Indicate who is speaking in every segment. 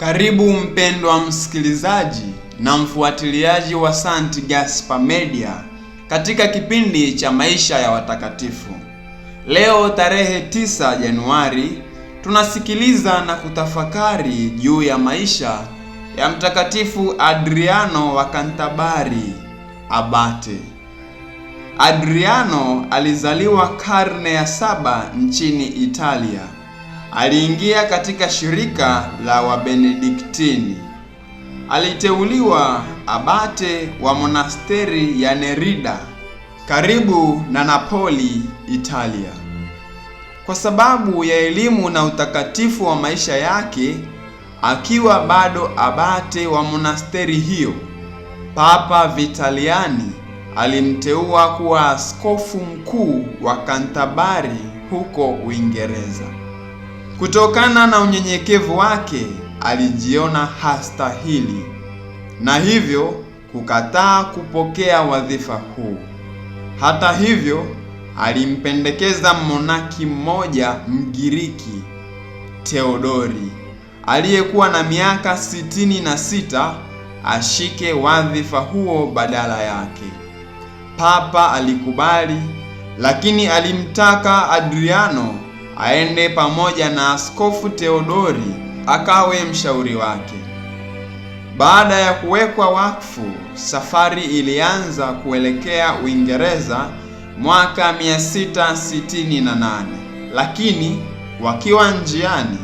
Speaker 1: Karibu mpendwa msikilizaji na mfuatiliaji wa St. Gaspar Media katika kipindi cha maisha ya watakatifu. Leo tarehe 9 Januari tunasikiliza na kutafakari juu ya maisha ya Mtakatifu Adriano wa Kantabari Abate. Adriano alizaliwa karne ya saba nchini Italia aliingia katika shirika la Wabenediktini. Aliteuliwa abate wa monasteri ya Nerida karibu na Napoli, Italia. Kwa sababu ya elimu na utakatifu wa maisha yake, akiwa bado abate wa monasteri hiyo, Papa Vitaliani alimteua kuwa askofu mkuu wa Kantabari huko Uingereza. Kutokana na unyenyekevu wake alijiona hastahili na hivyo kukataa kupokea wadhifa huu. Hata hivyo, alimpendekeza monaki mmoja Mgiriki Theodori aliyekuwa na miaka sitini na sita ashike wadhifa huo badala yake. Papa alikubali, lakini alimtaka Adriano aende pamoja na Askofu Teodori akawe mshauri wake. Baada ya kuwekwa wakfu, safari ilianza kuelekea Uingereza mwaka 668, lakini wakiwa njiani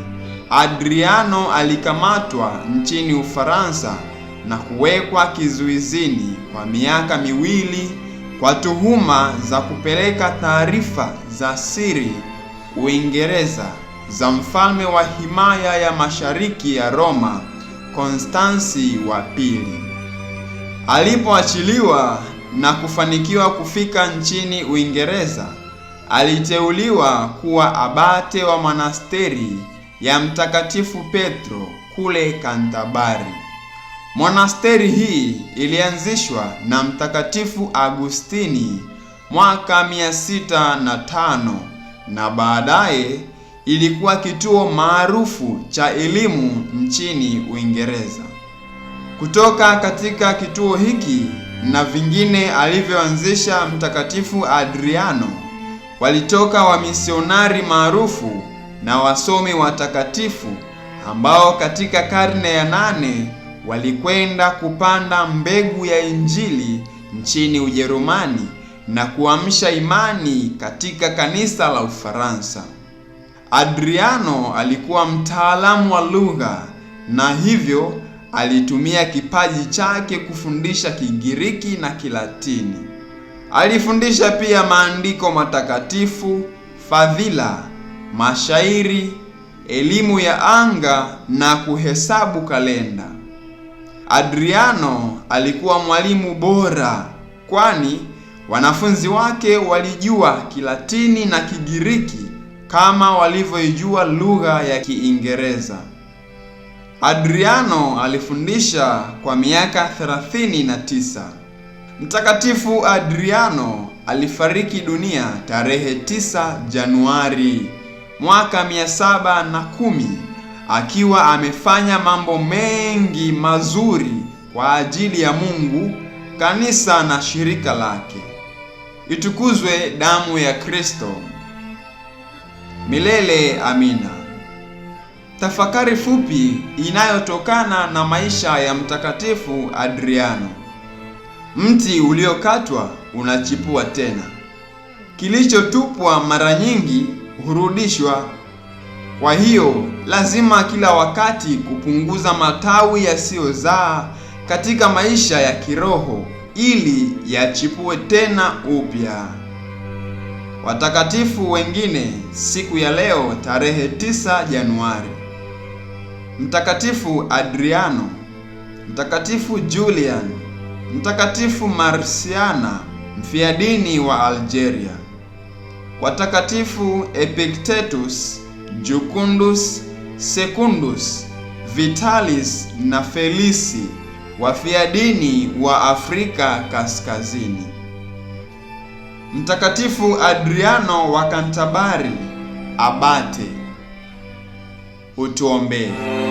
Speaker 1: Adriano alikamatwa nchini Ufaransa na kuwekwa kizuizini kwa miaka miwili kwa tuhuma za kupeleka taarifa za siri Uingereza za mfalme wa himaya ya mashariki ya Roma Konstansi wa pili. Alipoachiliwa na kufanikiwa kufika nchini Uingereza, aliteuliwa kuwa abate wa monasteri ya Mtakatifu Petro kule Kantabari. Monasteri hii ilianzishwa na Mtakatifu Agustini mwaka 605 na baadaye ilikuwa kituo maarufu cha elimu nchini Uingereza. Kutoka katika kituo hiki na vingine alivyoanzisha Mtakatifu Adriano walitoka wamisionari maarufu na wasomi watakatifu ambao katika karne ya nane walikwenda kupanda mbegu ya Injili nchini Ujerumani na kuamsha imani katika kanisa la Ufaransa. Adriano alikuwa mtaalamu wa lugha na hivyo alitumia kipaji chake kufundisha Kigiriki na Kilatini. Alifundisha pia maandiko matakatifu, fadhila, mashairi, elimu ya anga na kuhesabu kalenda. Adriano alikuwa mwalimu bora kwani Wanafunzi wake walijua Kilatini na Kigiriki kama walivyoijua lugha ya Kiingereza. Adriano alifundisha kwa miaka 39 Mtakatifu Adriano alifariki dunia tarehe 9 Januari mwaka 710 akiwa amefanya mambo mengi mazuri kwa ajili ya Mungu, kanisa na shirika lake. Itukuzwe damu ya Kristo! Milele amina. Tafakari fupi inayotokana na maisha ya Mtakatifu Adriano. Mti uliokatwa unachipua tena, kilichotupwa mara nyingi hurudishwa. Kwa hiyo lazima kila wakati kupunguza matawi yasiyozaa katika maisha ya kiroho ili yachipue tena upya. Watakatifu wengine siku ya leo tarehe 9 Januari: Mtakatifu Adriano, Mtakatifu Julian, Mtakatifu marciana mfiadini wa Algeria, watakatifu Epictetus, Jucundus, Secundus, Vitalis na Felisi wafia dini wa Afrika Kaskazini. Mtakatifu Adriano wa Kantabari, abate, utuombee.